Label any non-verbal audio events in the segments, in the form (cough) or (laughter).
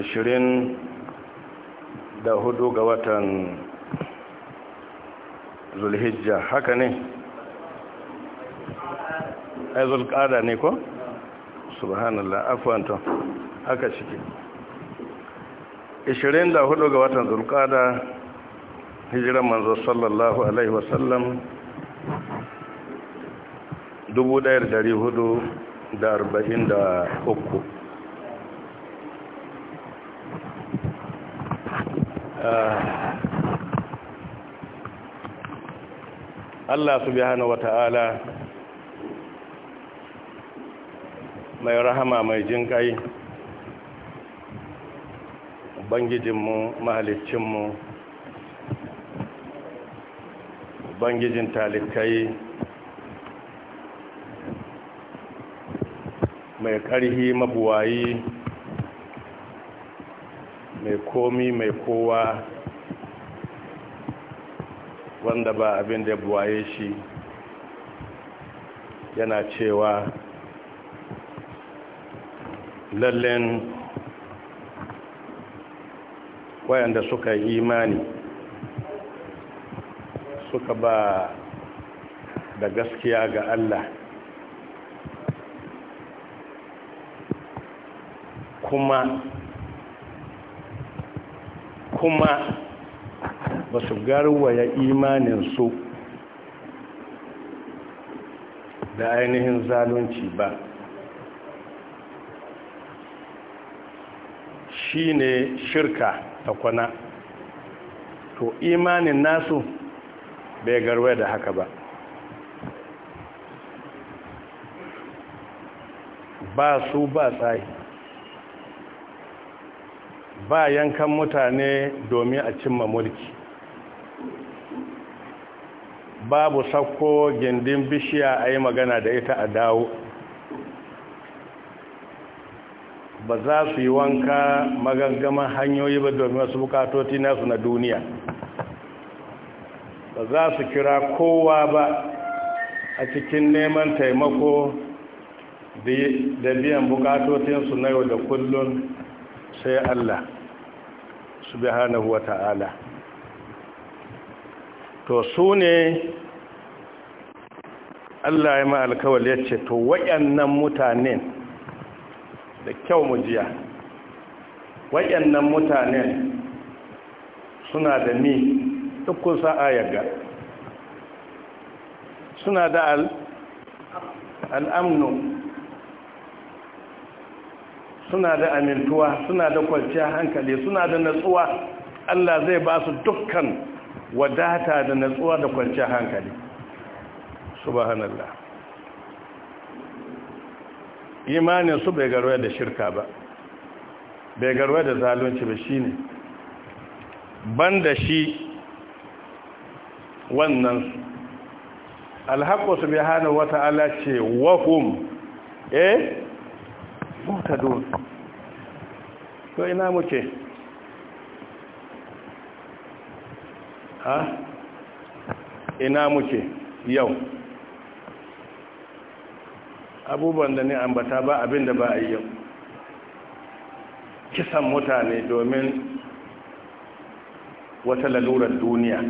ashirin da hudu ga watan zulhijja haka ne ai zulkada ne ko? subhanallah afuwanta haka ciki Ashirin da hudu ga watan zulkada hijiran manzo sallallahu alaihi wasallam uku. Allah subhanahu wata'ala mai rahama mai jin ƙai, ubangijinmu mahalicinmu ubangijin talikai mai ƙarhi mabuwayi mai komi mai kowa wanda ba abin da buwaye shi yana cewa lallen wayanda suka yi imani suka ba da gaskiya ga Allah kuma kuma ba su garwaya imaninsu da ainihin zalunci ba shi ne shirka ta kwana to imanin nasu bai garwaya da haka ba ba su ba tsayi ba yankan mutane domin a cimma mulki babu sakko gindin bishiya a yi magana da ita a dawo ba za su yi wanka magangaman hanyoyi ba domin wasu bukatoti nasu na duniya ba za su kira kowa ba a cikin neman taimako da biyan bukatotinsu na yau da kullum sai Allah subhanahu wa ta'ala to su ne Allah ya ma'alkawar ya ce to waɗannan mutanen da kyau mu jiya waɗannan mutanen suna da ni dukkan sa'a yaga suna da al'amnu suna da amintuwa suna da kwanciya hankali suna da natsuwa Allah zai ba su dukkan wadata da natsuwa da kwanciyar hankali subhanallah imanin su bai garwaya da shirka ba bai garwaya da zalunci ba shine da shi wannan alhaƙo su bai hana wata ala ce wahum eh mutadun to ina muke ha ina muke yau abubuwan da ne ambata ba abin da ba a yau kisan mutane domin wata lalurar duniya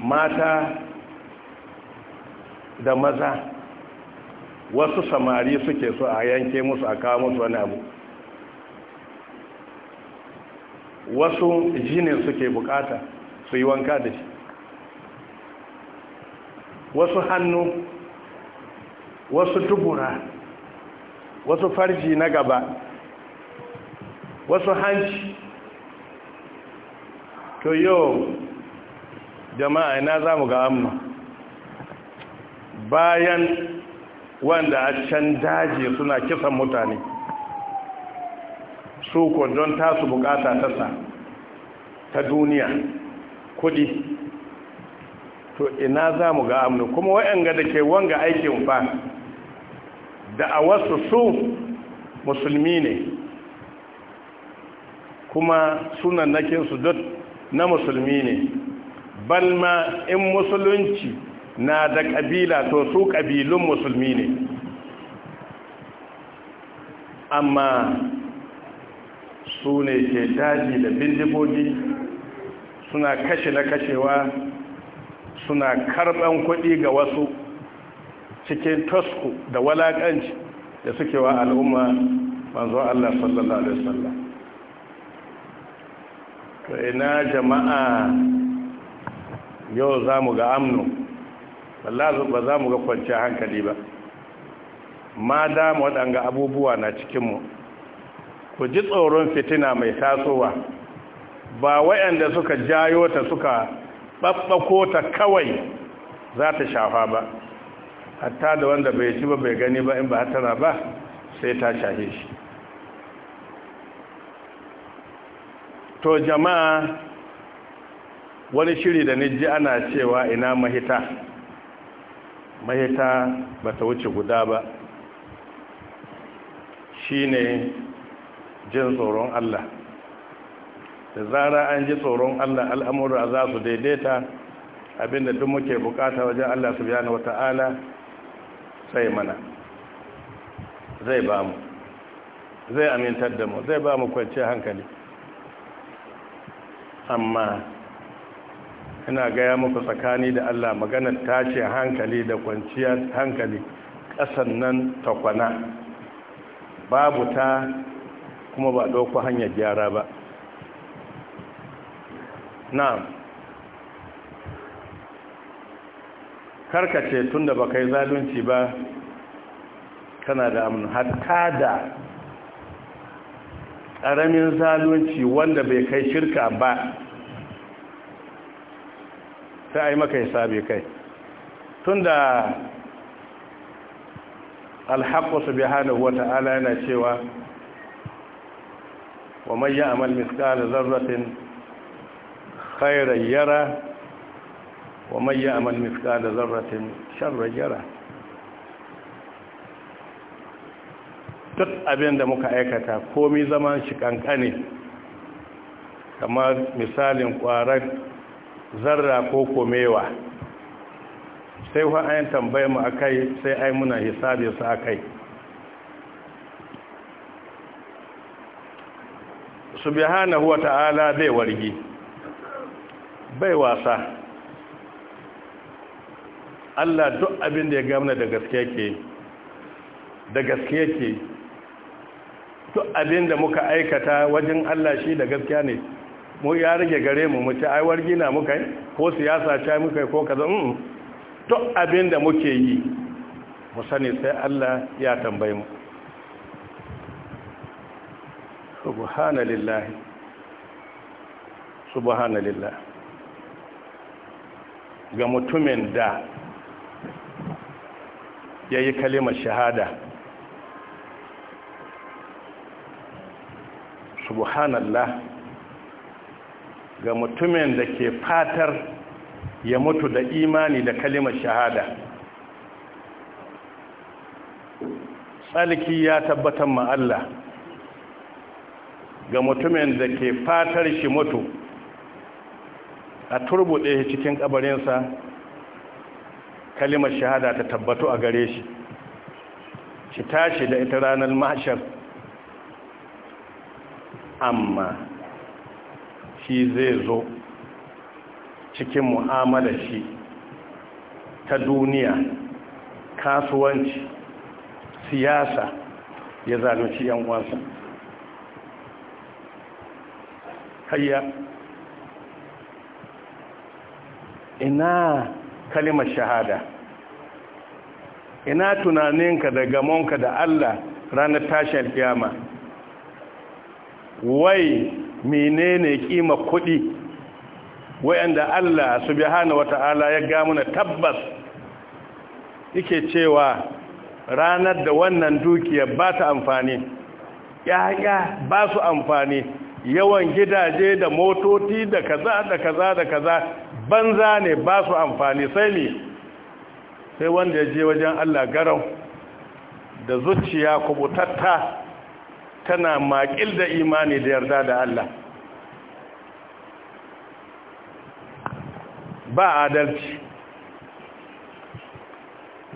mata da maza wasu samari suke so a yanke musu a kawo musu wani abu wasu jinin suke bukata su yi wanka da shi wasu hannu wasu dubura wasu farji na gaba wasu hanci to yau jama'a ina za mu ga amma bayan wanda a can daji suna kisan mutane suko don tasu bukata tasa ta duniya kudi to ina za mu ga amnu kuma wa'anga da ke wanga aikin fa da a wasu su musulmi ne kuma sunan su duk na musulmi ne balma in musulunci na da ƙabila to su ƙabilun musulmi ne amma su ne ke daji da bindigogi suna kashe na kashewa suna karɓan kuɗi ga wasu cikin tosku da walaƙanci da suke wa al'umma manzo Allah sallallahu alaihi wasallam to ina jama'a yau za mu ga amnu wallahi ba za mu ga kwanciyar hankali ba ma da waɗanga abubuwa na cikin mu ku ji tsoron fitina mai tasowa ba wayanda suka jayo ta suka babbako ta kawai za ta shafa ba hatta da wanda bai ci ba bai gani ba in ba hatara ba sai ta shafe shi to jama'a wani shiri da niji ana cewa ina mahita mahita ba ta wuce guda ba shine jin tsoron Allah da zara an ji tsoron Allah al'amura za su daidaita abinda duk muke bukata wajen Allah su biya subhanahu wata'ala sai mana zai ba mu zai amintar da mu zai ba mu kwanci hankali amma ina gaya muku tsakani da Allah maganar tace hankali da kwanciyar hankali ƙasan nan takwana babu ta kuma ba ɗauko hanyar gyara ba Na karkace tun da ba kai zalunci ba kana da amin hatta da ƙaramin zalunci wanda bai kai shirka ba ta a yi maka hisabi kai tun da alhaƙo su bihanahu wata'ala yana cewa ومن يعمل مثقال ذرة خيرا يرى ومن يعمل مثقال ذرة شرا يرى duk abin da muka aikata komi zaman shi kankane kamar misalin kwarar zarra ko komewa sai wa ayin tambaye mu akai sai ai muna hisabi su akai subhanahu wa ta'ala bai wargi bai wasa Allah duk abin da ya gamna da gaske yake da gaske yake duk abin da muka aikata wajen Allah shi da gaskiya ne mu ya rage gare mu mu ci ai wargi na muka ko siyasa ta muka ko kaza mm duk abin da muke yi mu sani sai Allah ya tambaye mu subhanallahi subhanallah ga mutumin da ya yi kalimar shahada subhanallah ga mutumin da ke fatar ya mutu da imani da kalimar shahada tsalki ya tabbatar ma'alla Allah ga mutumin da ke fatar shi mutu a turbuɗe cikin ƙabarinsa kalimar shahada ta tabbatu a gare shi shi tashi da ita ranar mashar amma shi zai zo cikin mu'amala shi ta duniya kasuwanci siyasa ya zalunci 'yan uwansa hayya ina kalimar shahada ina tunaninka da gamonka da Allah ranar tashin kiyama wai menene kima kuɗi wayanda Allah subhanahu wata'ala ya ga muna tabbas yake cewa ranar da wannan dukiya ba ta amfani ya'ya ba su amfani yawan gidaje da motoci da kaza da kaza da kaza banza ne ba su amfani sai ne sai wanda ya je wajen Allah garau da zuciya kubutatta tana makil da imani da yarda da Allah ba adalci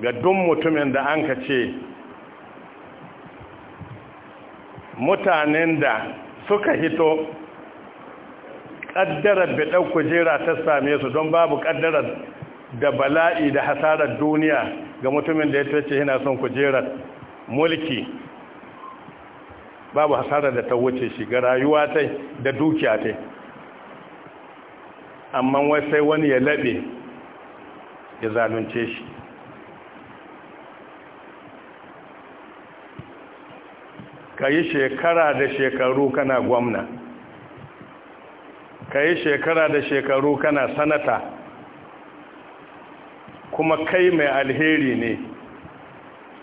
ga duk mutumin da an ka ce mutanen da suka hito ƙaddarar biɗan kujera ta same su don babu ƙaddarar da bala'i da hasarar duniya ga mutumin da ya tace yana son kujerar mulki babu hasarar da ta wuce shi ga rayuwa ta da dukiya ta amma wai sai wani ya laɓe ya zalunce shi ka yi shekara da shekaru kana gwamna ka yi shekara da shekaru kana sanata kuma kai mai alheri ne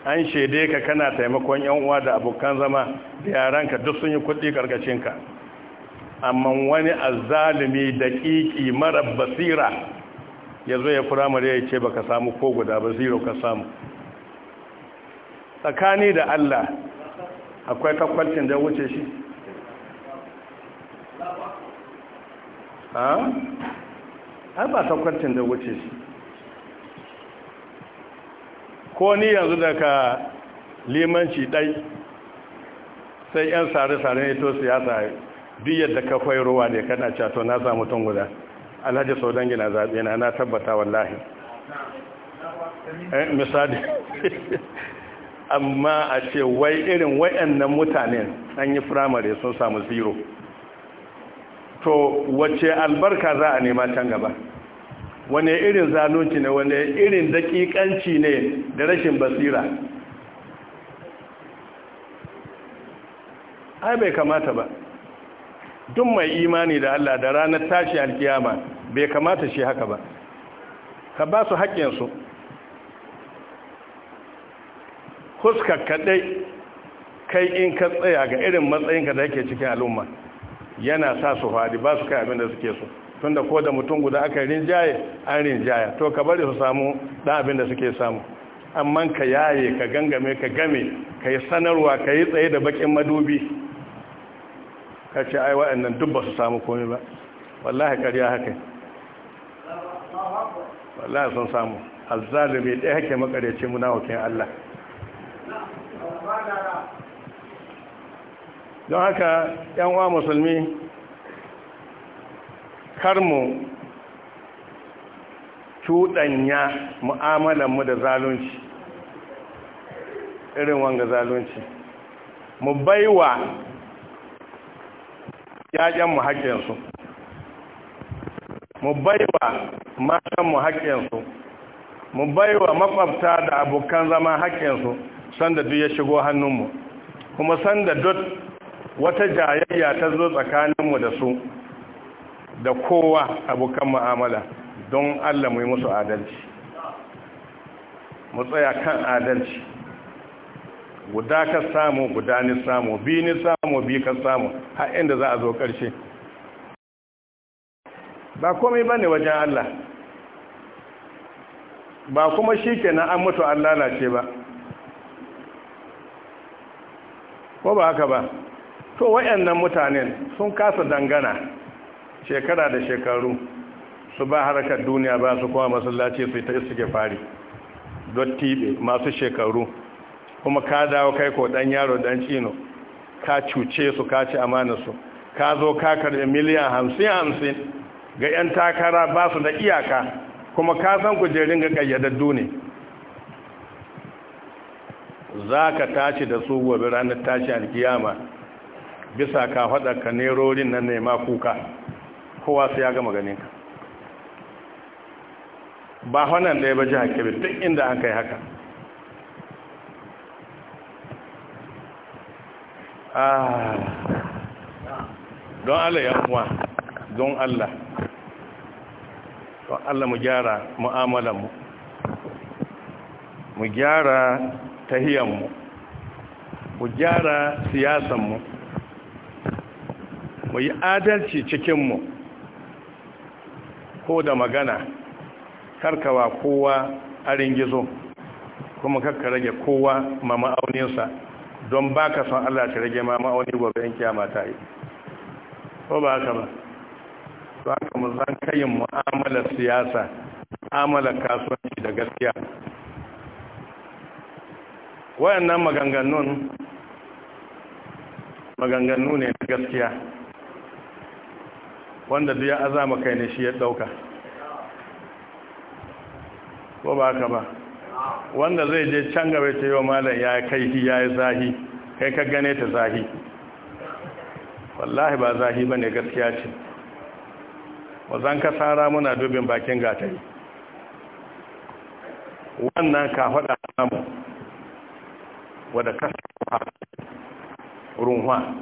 an shaide ka kana taimakon yan uwa da abokan zama da yarenka duk sun yi kuɗi ka amma wani azalimi da ƙiƙi mara basira ya zo ya firamare ya ce baka samu ko guda basiro ka samu tsakani da Allah akwai kakwalcin da wuce shi ha? ba kakwalcin da wuce shi ko ni yanzu daga limanci dai sai 'yan sare-sare ne to siyasa biyar da kafai ruwa ne kana cato na samu tun guda alhaji sau don zabe zaɓe na na tabbata wallahi eh, misali (laughs) amma a ce wai irin wayannan mutanen an yi firamare sun samu zero to wace albarka za a nema can gaba wane irin zanunci ne wane irin dakikanci ne da rashin basira ai bai kamata ba duk mai imani da Allah da ranar tashi alkiyama bai kamata shi haka ba ka ba su haƙƙinsu fuskar kaɗai kai in ka tsaya ga irin matsayinka da yake cikin al'umma yana sa su faɗi ba su kai abin da suke so tunda ko da mutum guda aka rinjaye an rinjaya to ka bari su samu ɗan abin da suke samu amma ka yaye ka gangame ka game ka yi sanarwa ka yi tsaye da bakin madubi ka ce ai waɗannan duk ba su samu komai ba wallahi ƙarya haka wallahi sun samu azzalumi ɗaya hake makarici wakin Allah don haka yan musulmi kar mu cuɗanya mu'amalanmu da zalunci irin wanga zalunci mu baiwa yaƙenmu haƙƙinsu mu baiwa matanmu haƙƙinsu mu baiwa makwabta da abokan zama haƙƙinsu sanda duk ya shigo hannunmu kuma sanda duk wata jayayya ta zo tsakaninmu da su da kowa abokan mu'amala don Allah mu yi musu adalci mu tsaya kan adalci guda ka samu guda ni samu bi ni samu bi ka samu har inda za a zo ƙarshe ba komai ba ne wajen Allah ba kuma shi na an mutu an lalace ba ko ba haka ba to wayannan mutanen sun kasa dangana shekara da shekaru su ba harkar duniya ba su kuma masallaci su ta suke fari tibe masu shekaru kuma ka dawo kai ko dan yaro dan cino ka cuce su ka ci amanarsu ka zo ka karbe miliyan hamsin hamsin ga 'yan takara ba su da iyaka kuma ka san kujerin ga ƙayyadaddu ne za ka tashi da su gobe ranar tashi alkiyama bisa ka faɗa ka nerorin nan ne ma kuka kowa sai ya gama ganin ka ba wannan ɗaya ba ji hakebe duk inda an kai haka ah. don Allah ya kuma don Allah don Allah mu gyara mu'amalanmu mu gyara tahiyanmu mu gyara siyasanmu mu yi adalci cikinmu ko da magana karkawa kowa a ringizo kuma karka rage kowa ma ma'auninsa don ba ka son Allah ta rage ma ma'auni gobe in kiyama ta yi ko ba haka ba su haka mu zan kayin mu'amalar siyasa amalar kasuwanci da gaskiya wayannan maganganun maganganu ne na gaskiya wanda duk ya azama kai ne shi ya dauka ko ba haka ba wanda zai je can gaba ce yau malam ya kai shi ya yi zahi kai ka gane ta zahi wallahi ba zahi ba ne gaskiya ce wazan ka tsara muna dubin bakin gatari wannan ka faɗa samu wadda ka ruwa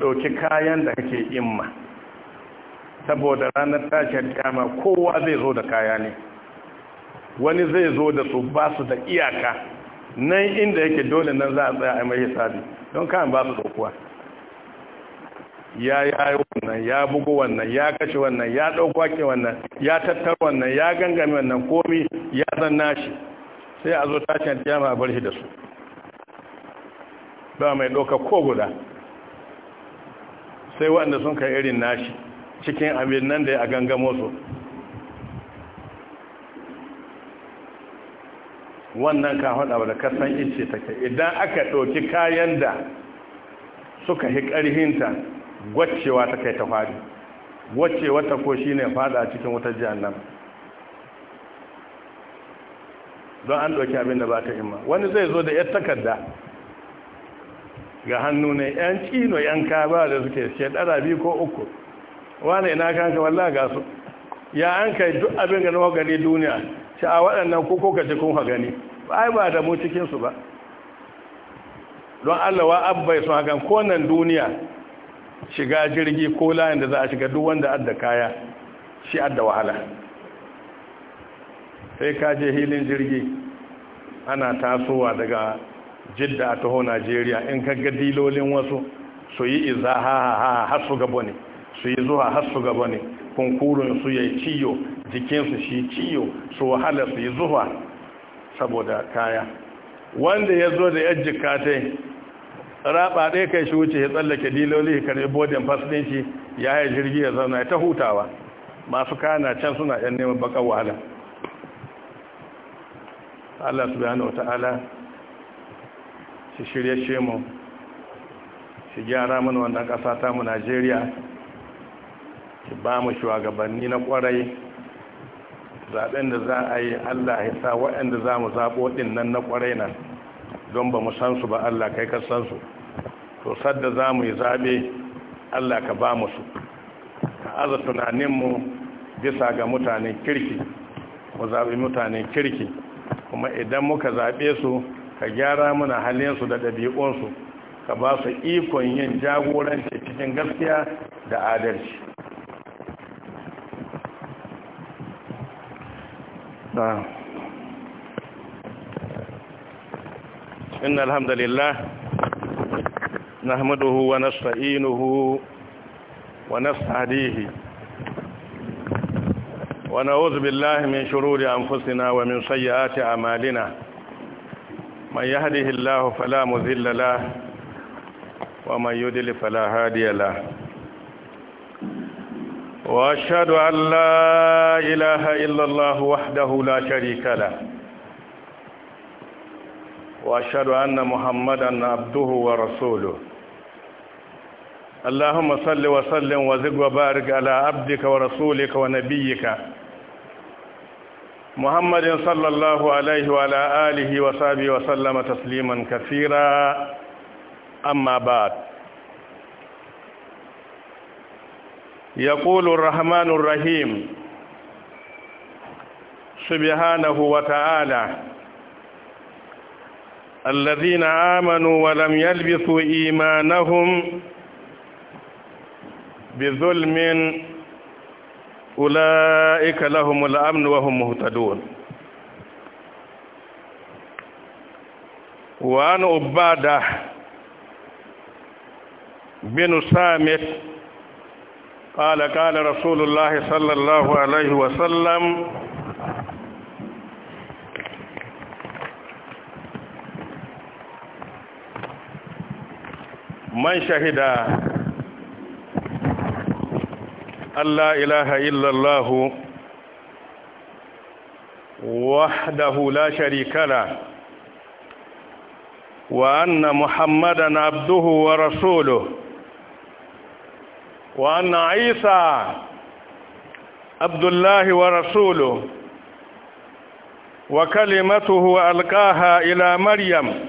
ɗauki kayan da kake imma saboda ranar tashin kama kowa zai zo da kaya ne wani zai zo da su ba su da iyaka nan inda yake dole nan za a tsaya a mai hisabi don kayan ba su ɗaukuwa ya yayi wannan ya bugu wannan ya kashe wannan ya ɗaukwa ke wannan ya tattar wannan ya gangami wannan komi ya zanna shi sai a zo tashin kama a bar shi da su ba mai ɗauka ko guda sai waɗanda sun kai irin nashi cikin abin nan da ya gangamo su wannan ka haɗa da kasan ice take idan aka ɗauki kayan da suka hi ƙarhinta gwacewa ta kai ta faɗi gwacewa ta ko shi ne faɗa cikin wutar jihannan don an ɗauki abin da ba ta imma wani zai zo da 'yar takarda ga hannu ne yan kino yan kaba da suke ɗara biyu ko uku wane ina kanka walla ga su ya an kai duk abin ga nawa gani duniya shi a waɗannan ko ko kace kun ha gani ai ba da mu cikin su ba don Allah wa abbai sun hakan ko nan duniya shiga jirgi ko layin da za a shiga duk wanda adda kaya shi adda wahala sai ka je hilin jirgi ana tasowa daga jidda a taho najeriya in ga dilolin wasu su yi iza ha ha su gaba ne su yi zuwa har su gaba ne kunkurin su yi ciyo jikinsu shi ciyo su wahala su yi zuwa saboda kaya wanda ya zo da yajji katai raba ɗaya kai shi wuce ya tsallake diloli ya karbi bodin fasdinci ya yi jirgi ya zauna ta hutawa masu kana can suna yan neman bakan wahala Allah subhanahu shi shirye shi mu shi gyara mana wannan ƙasa ta mu najeriya shi ba mu shugabanni na ƙwarai zaɓen da za a yi allah ya sa waɗanda za mu zaɓo ɗin nan na ƙwarai nan don ba mu san su ba allah kai ka san su to sadda za mu yi zaɓe allah ka ba mu su ka aza tunaninmu bisa ga mutanen kirki mu zaɓi mutanen kirki kuma idan muka zaɓe su ka gyara mana halinsu da ɗabi'unsu ka ba su ikon yin jagoranci cikin gaskiya da adalci إن الحمد لله نحمده ونستعينه ونستهديه ونعوذ بالله من شرور أنفسنا ومن سيئات أعمالنا من يهده الله فلا مذل له ومن يدل فلا هادي له وأشهد أن لا إله إلا الله وحده لا شريك له وأشهد أن محمدا عبده ورسوله اللهم صل وسلم وزد وبارك على عبدك ورسولك ونبيك محمد صلى الله عليه وعلى آله وصحبه وسلم تسليما كثيرا أما بعد يقول الرحمن الرحيم سبحانه وتعالى الذين آمنوا ولم يلبسوا إيمانهم بظلم أولئك لهم الأمن وهم مهتدون وعن عبادة بن سامت قال قال رسول الله صلى الله عليه وسلم من شهد أن لا إله إلا الله وحده لا شريك له وأن محمدا عبده ورسوله وأن عيسى عبد الله ورسوله وكلمته ألقاها إلى مريم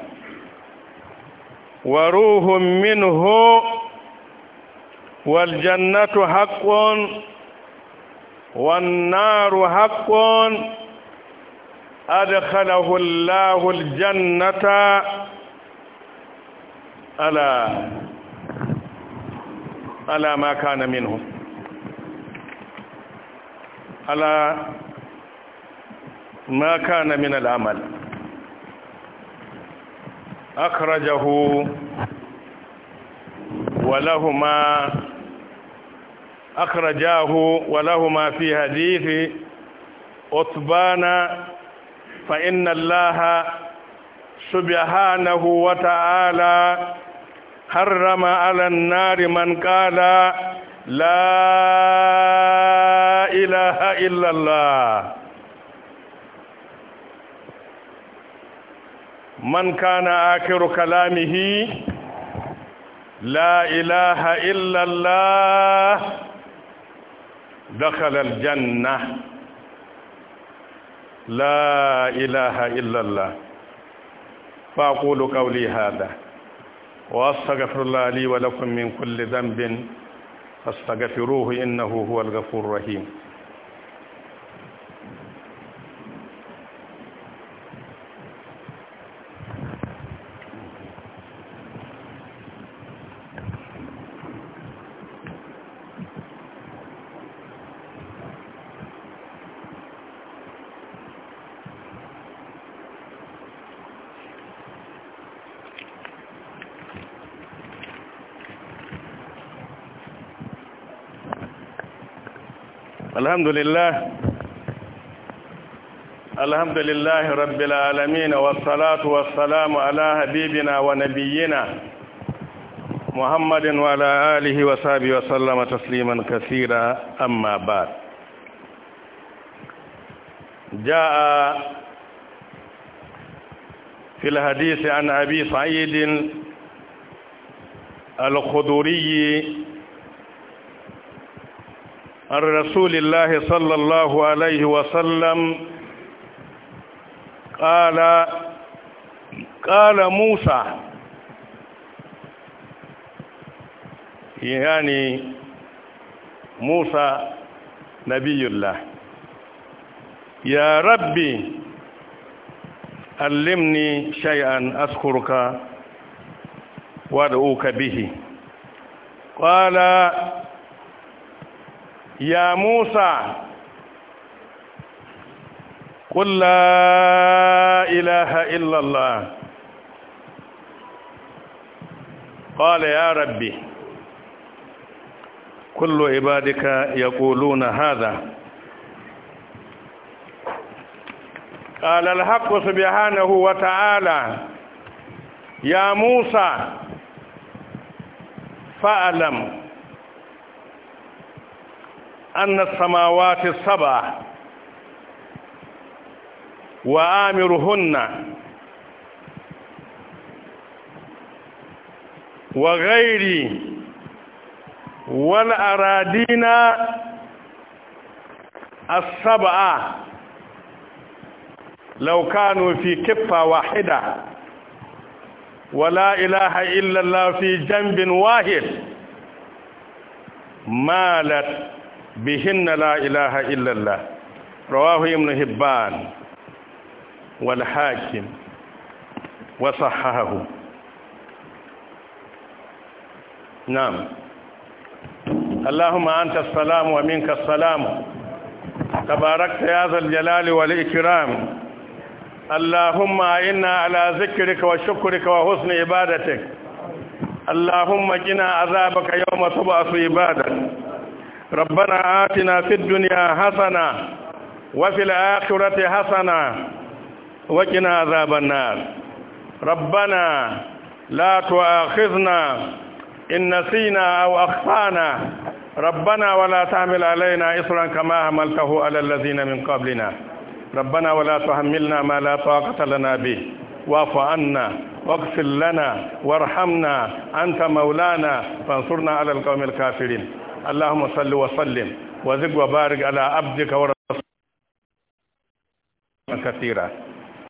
وروح منه والجنة حق والنار حق أدخله الله الجنة على على ما كان منه على ما كان من العمل أخرجه ولهما أخرجاه ولهما في حديث عثمان فإن الله سبحانه وتعالى حرم على النار من قال لا إله إلا الله من كان آخر كلامه لا إله إلا الله دخل الجنة لا إله إلا الله فأقول قولي هذا وأستغفر الله لي ولكم من كل ذنب فاستغفروه إنه هو الغفور الرحيم الحمد لله الحمد لله رب العالمين والصلاة والسلام على حبيبنا ونبينا محمد وعلى آله وصحبه وسلم تسليما كثيرا أما بعد جاء في الحديث عن أبي سعيد الخدري عن رسول الله صلى الله عليه وسلم قال قال موسى يعني موسى نبي الله يا ربي علمني شيئا أذكرك وادعوك به قال يا موسى قل لا إله إلا الله قال يا ربي كل عبادك يقولون هذا قال الحق سبحانه وتعالى يا موسى فألم أن السماوات السبع وآمرهن وغيري والأرادين السبع لو كانوا في كفة واحدة ولا إله إلا الله في جنب واحد مالت بهن لا إله إلا الله رواه ابن هبان والحاكم وصححه نعم اللهم أنت السلام ومنك السلام تباركت يا ذا الجلال والإكرام اللهم إنا على ذكرك وشكرك وحسن عبادتك اللهم جنا عذابك يوم تبعث عبادك ربنا آتنا في الدنيا حسنة وفي الآخرة حسنة وقنا عذاب النار ربنا لا تؤاخذنا إن نسينا أو أخطأنا ربنا ولا تحمل علينا إصرا كما حملته على الذين من قبلنا ربنا ولا تحملنا ما لا طاقة لنا به واعف عنا واغفر لنا وارحمنا أنت مولانا فانصرنا على القوم الكافرين اللهم صل وسلم وزد وبارك على عبدك ورسولك كثيرا